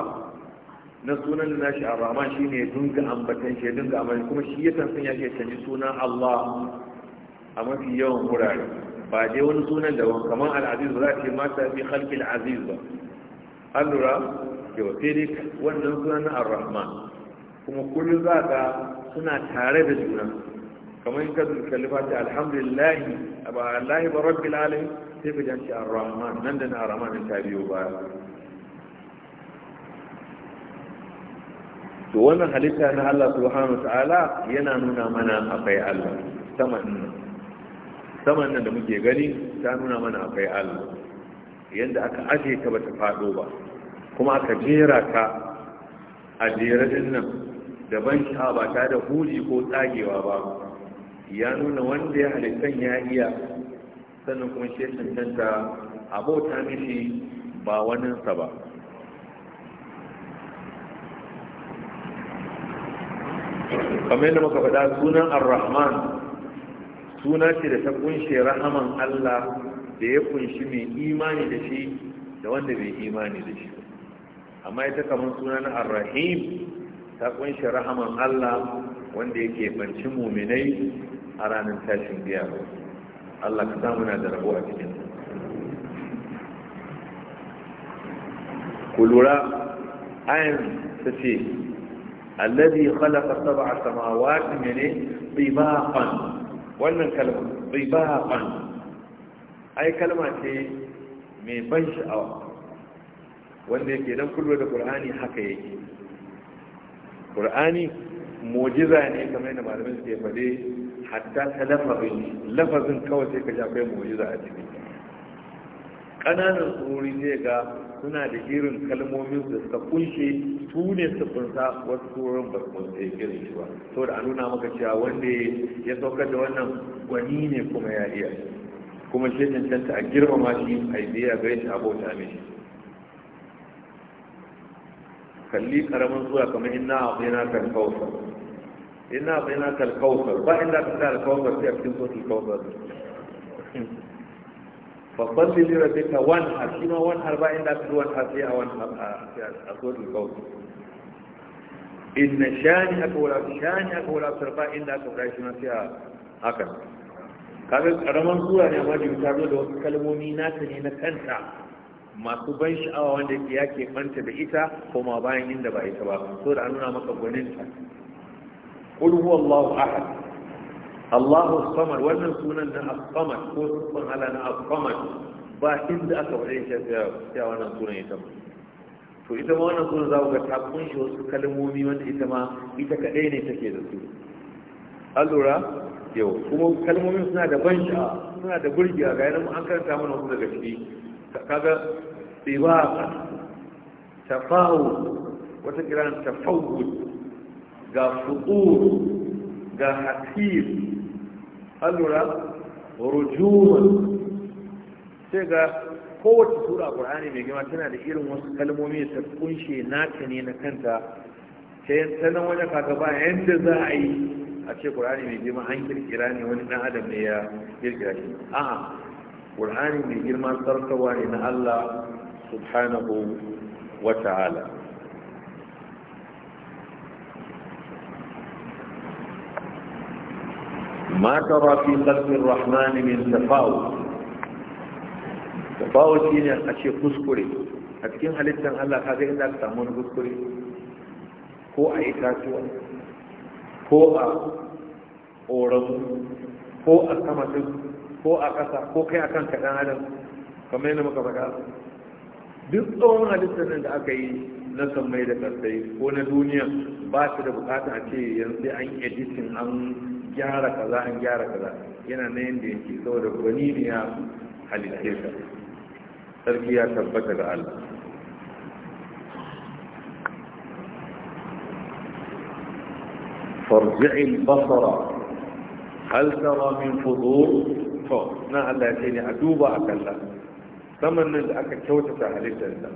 na sunan da nashi ar-rahman shine ya dunga ambatan shi ya dinga ambatan kuma shi ya san ya ce canji sunan Allah a mafi yawan wurare ba dai wani sunan da wani kamar al ba za a ce ma ta fi halki al ba an lura yau sai dai wannan sunan na ar-rahman kuma kullum za ka suna tare da juna kamar in ka ce fata A ba Allah ba rabbi lalai sai ka janci a rahman nan da na ar-rahman ta biyo ba to wannan halitta na Allah subhanahu ta'ala yana nuna mana akwai Allah saman nan da muke gani ta nuna mana akwai Allah yanda aka aje ta bata fado ba kuma aka jera ka a jere din nan da ban sha ba ta da huli ko tsagewa ba ya nuna wanda ya halittan ya iya sannan kuma shi cancanta abota mishi ba waninsa ba kamar yadda muka faɗa sunan ar-rahman suna ce da ta kunshe rahaman Allah da ya kunshi mai imani da shi da wanda bai imani da shi amma ita kamar suna na ar-rahim ta kunshe rahaman Allah wanda yake banci muminai a ranar tashin biya Allah ka samu na da rabo a cikin ku lura ayan ta ce allazi khalaqa sab'a samawati mene tibaqan wannan kalma tibaqan ai kalma ce mai ban sha'awa wanda yake dan kullu da qur'ani haka yake qur'ani mu'jiza ne kamar yadda malamai suke faɗe hatta ta lafazin lafazin kawai sai ka shafai mu'ujiza a cikin ƙananan tsorori zai ga suna da irin kalmomin da suka kunshe su ne su kunsa wasu tsoron ba su ya irin shi ba da a nuna maka cewa wanda ya saukar da wannan gwani ne kuma ya iya kuma shi canta a girmama shi a biya gare shi abota mai kalli karamin zuwa kamar inna a tsina kan kawo ina bai na kalkawar ba inda ka sa alkawar sai a cikin kotu kawar babban lilira sai ka wan har shi ma wan har ba inda ka zuwan har sai a wan a kotu kawar inna shani aka wula shani aka wula sarfa inda aka fara shi ma sai a haka kaga karaman sura ne amma ta zo da wasu kalmomi nata ne na kanta masu ban sha'awa wanda ya ke banta da ita koma bayan inda ba ita ba so da an nuna maka gwaninta قل هو الله أحد الله الصمد wannan sunan na as-samad ko sunan ala na as-samad ba inda aka faɗe shi ya wannan sunan ita ba to ita ma wannan sunan za ku ga ta kunshi wasu kalmomi wanda ita ma ita kadai ne take da su allura yau kuma kalmomin suna da ban sha'a suna da burgi a gairin an karanta mana wasu daga ciki kaga tsibaka tafawu wata kiran tafawud ga fudur ga hatif allura rujuman sai ga kowace sura a ƙur'ani mai girma tana da irin wasu kalmomi ta kunshe naka ne na kanta ta sanan wajen kaga ba yanda za a yi a ce ƙur'ani mai girma an kirkira ne wani ɗan adam ne ya kirkira shi a'a ƙur'ani mai girma sarkawa ne na Allah subhanahu wa ta'ala ما ترى في خلق الرحمن من تفاوت tafawul shi kuskure a cikin halittar Allah ka ga inda ka samu wani kuskure ko a itatuwa ko a ƙoramu ko a sama ko a ƙasa ko kai a kan kaɗan adam kamar yadda muka faɗa duk tsawon halittar da aka yi na sammai da ƙasai ko na duniya ba su da bukata a ce yanzu an editin an gyara kaza an gyara kaza yana na yanda yake saboda gani ne ya halitta ka sarki ya tabbata ga Allah فارجع basara hal tara min fudur to na Allah ya ce ne a duba a kalla saman nan da aka kyautata halittar nan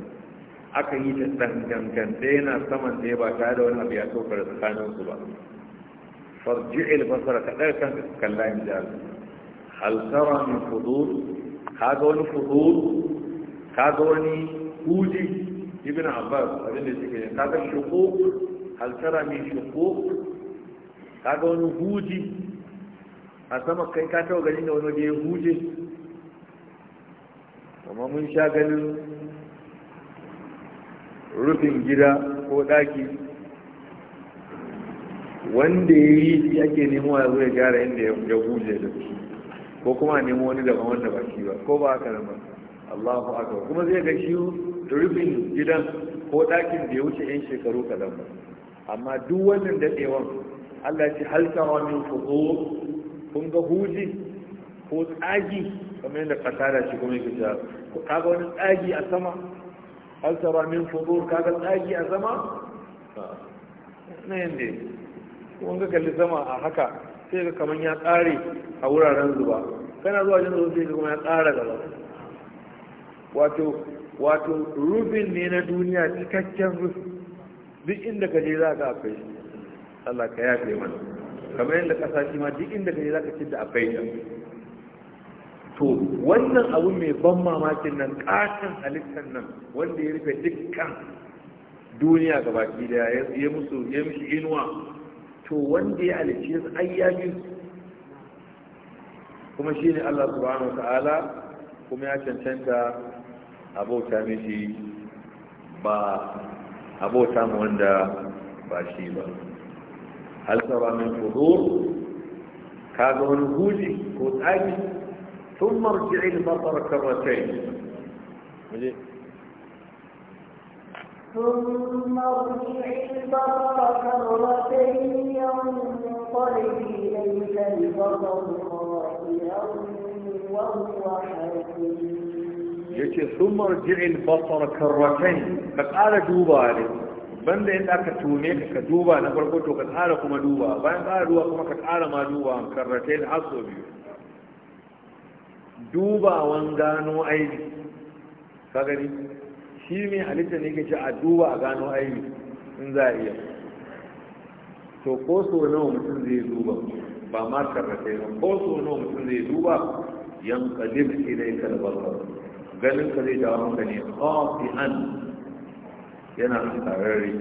aka yi ta dangantan da yana saman da ya ba tare da wani abu ya tsokar tsakanin su ba فارجع البصر كذلك كلا يمجال هل ترى من فضول هذا هو الفضول هذا ابن عباس abin da suke ne kaga shuquq hal tara min shuquq kaga wani huji a sama kai ka taɓa ganin da wani waje huje amma mun sha ganin rufin gida ko ɗaki wanda ya yi shi ake nemo ya zo ya gyara inda ya huje da shi ko kuma nemo wani daga wanda ba shi ba ko ba haka nan ba Allahu akbar kuma zai ga shi rufin gidan ko ɗakin da ya wuce yan shekaru kadan ba amma duk wannan dadewan Allah ce halka wa min fuqur kun ga huji ko tsagi kamar yadda fasara shi kuma yake ta kaga wani tsagi a sama halka wa min fuqur kaga tsagi a sama na yanda kun ga kalli sama a haka sai ga kaman ya tsare a wuraren zuba kana zuwa jin zuwa sai kuma ya tsara gaba wato wato rufin ne na duniya cikakken rufi duk inda ka je za ka akwai Allah ka yafe mana kamar yadda kasa shi ma duk inda ka je za ka ci da akwai ta to wannan abu mai ban mamakin nan ƙaton halittar nan wanda ya rufe dukkan duniya gabaki daya ya musu ya mishi inuwa to wanda ya halicce su ai ya ji kuma shi ne Allah subhanahu ta'ala kuma ya cancanta abota mishi ba abota mu wanda ba shi ba hal sara min ka ga wani huji ko tsaki sun marji'il basara karratai ثم ارجع البصر كرتين ينقلب اليك البصر خاسئا وهو حكيم yace sun marji'il basar karratain ka ƙara duba ne banda da ka tume ka duba na farko to ka ƙara kuma duba bayan ƙara duba kuma ka ƙara ma duba karratain har sau biyu dubawan gano aini ka gani shi mai halitta ne ke ce a duba a gano aibi in za a iya to ko so nawa mutum zai duba ba ma karrafe yi ko so nawa mutum zai duba yan kalib ke da ita da ganin ka zai dawo maka ne kofi an yana tsararre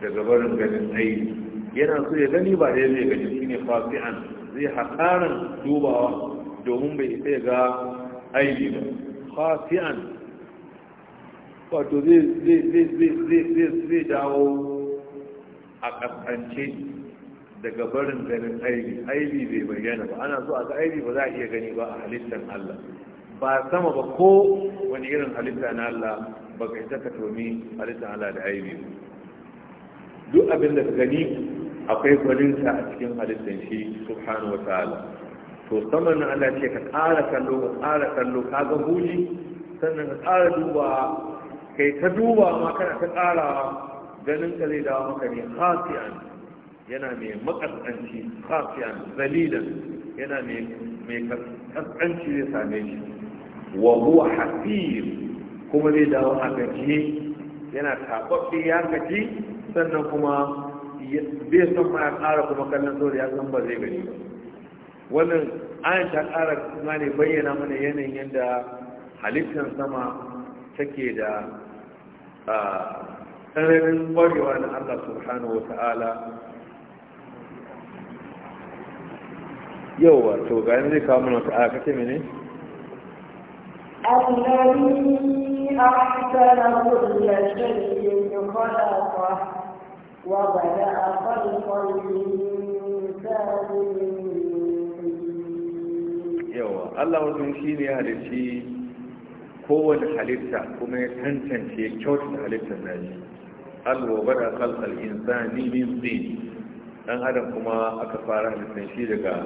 daga barin ganin aibi yana so ya gani ba dai ya zai gani ne kofi an zai hakaran dubawa domin bai isa ga aibi ba kofi an wato zai dawo a ƙasƙance daga barin ganin aibi aibi bai bayyana ba ana so ga aibi ba za a iya gani ba a halittar Allah ba sama ba ko wani irin halitta na Allah ba ka isa ka tomi halittar Allah da aibi ba duk abin da ka gani akwai gwaninsa a cikin halittar shi subhanahu wa ta'ala to saman Allah ce ka ƙara kallo ka ƙara kallo ka ga huji sannan ka ƙara duba kai ta duba ma kana ta ƙarawa ganin ka zai dawo maka ne hafiyan yana mai makasanci hafiyan zalilan yana mai kasanci zai same shi wa huwa hasir kuma zai dawo a gajiye yana tababbe ya gaji sannan kuma bai san ma ya ƙara kuma kallon da ya san ba zai gani ba wannan an ta ƙara kuma ne bayyana mana yanayin yadda halittar sama take da tsananin ƙwarewa na Allah subhanahu wa ta'ala yau wato ga zai kawo mana wata aka mene? الذي أحسن كل شيء خلقه وبدأ خلق الإنسان يوه الله وزن kowane halitta kuma ya tantance kyautar halittar shi. alwa bada kalsar insani min zin dan adam kuma aka fara halittar shi daga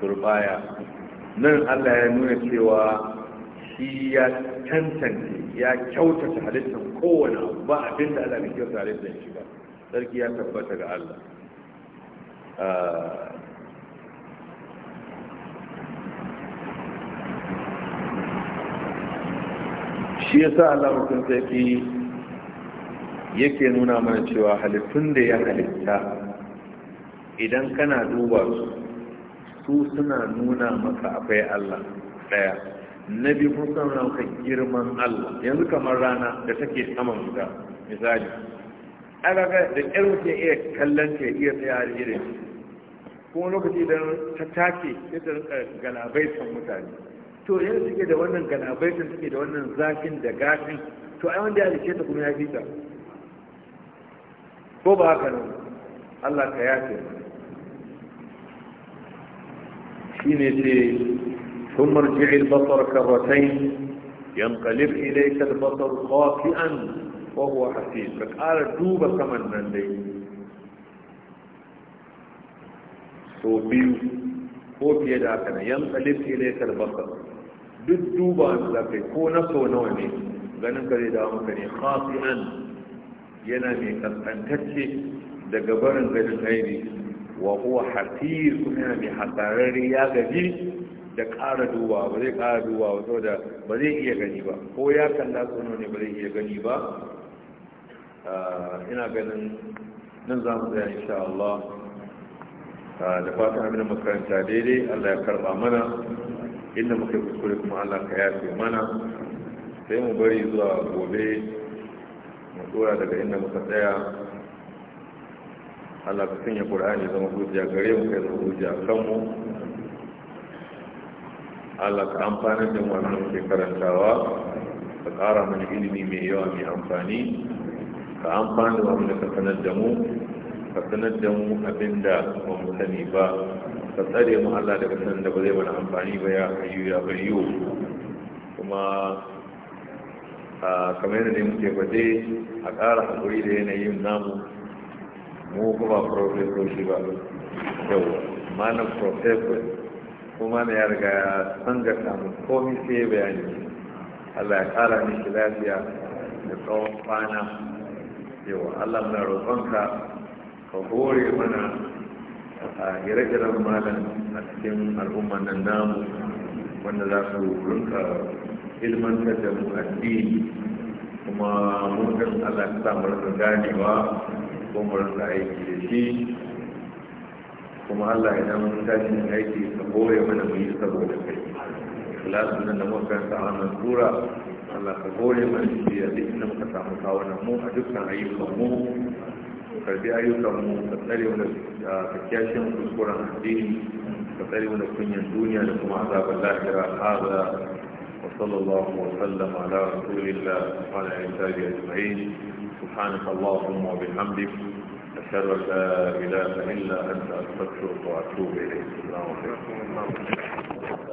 turbaya nan allah ya nuna cewa shi ya tantance ya kyautata halittar kowane abu ba abin da allah ne kyauta halittar shi ba sarki ya tabbata ga allah ah, shi yasa Allah mutum sarki yake nuna mana cewa halittun da ya halitta idan kana duba su su suna nuna maka akwai Allah daya na biyu suna nuna maka girman Allah yanzu kamar rana da take saman guda misali alaga da ƴar wuce iya kallon ke iya tsaye a irin kuma lokaci idan ta take sai ta rinka galabaitan mutane to yanzu suke da wannan galabaitin suke da wannan zafin da gashin to ai wanda ya halice ta kuma ya fita ko ba haka nan Allah ka yafe shi ne ce sun marji ilbasar karratai yankalif ilaika albasar khafi'an wa huwa hafiz ka ƙara duba saman nan dai so biyu ko fiye da haka nan yankalif ilaika kalbasar duk duba da kai ko na so nawa ne ganin ka zai dawo maka ne khasi'an yana mai kaskantacce daga barin ganin aini wa huwa hatir kuma yana mai hasararri ya gaji da ƙara duba ba zai ƙara duba ba saboda ba zai iya gani ba ko ya kalla so nawa ne ba zai iya gani ba ah, ina ganin nan za mu tsaya insha Allah ah, da fatan abin makaranta daidai Allah ya karba mana inda muka kuskure kuma Allah ka yafe mana sai mu bari zuwa gobe mu tsora daga inda muka tsaya Allah ka sanya Qur'ani zama hujja gare mu kai zama hujja kan mu Allah ka amfana da mu a muke karantawa ka ƙara mana ilimi mai yawa mai amfani ka amfana da mu da ka sanar da mu ka sanar da mu abinda ba mu sani ba ka tsare mu Allah daga sanin da ba zai mana amfani ba ya hayyu ya bayyu kuma a kamar yadda muke gwade a ƙara haƙuri da yanayin namu mu kuma shi ba yau malam profesor kuma na ya riga ya ga mu komi sai bayani Allah ya ƙara mishi lafiya da tsawon kwana yau Allah na roƙonka ka hore mana a gire-giren malam a cikin al'umman nan namu wanda za su rinka ilmantar da mu addini kuma mutum allah ta samu rinka ganewa ko mu aiki da shi kuma allah idan mun tashi aiki ka goye mana mu yi saboda kai ikhlasu nan da muka karanta a wannan tura, Allah ka gore mana shi a duk inda muka samu kawo mu a dukkan ayyukan mu karbi ayyukan mu ka tsare mu da kakiyashin kuskuren addini ka tsare mu da kunyan duniya da kuma azabar lahira hada wa sallallahu wa sallam ala rasulillah wa ala alihi ajma'in سبحانك اللهم وبحمدك أشهد أن لا إله إلا أنت أستغفرك وأتوب إليك السلام عليكم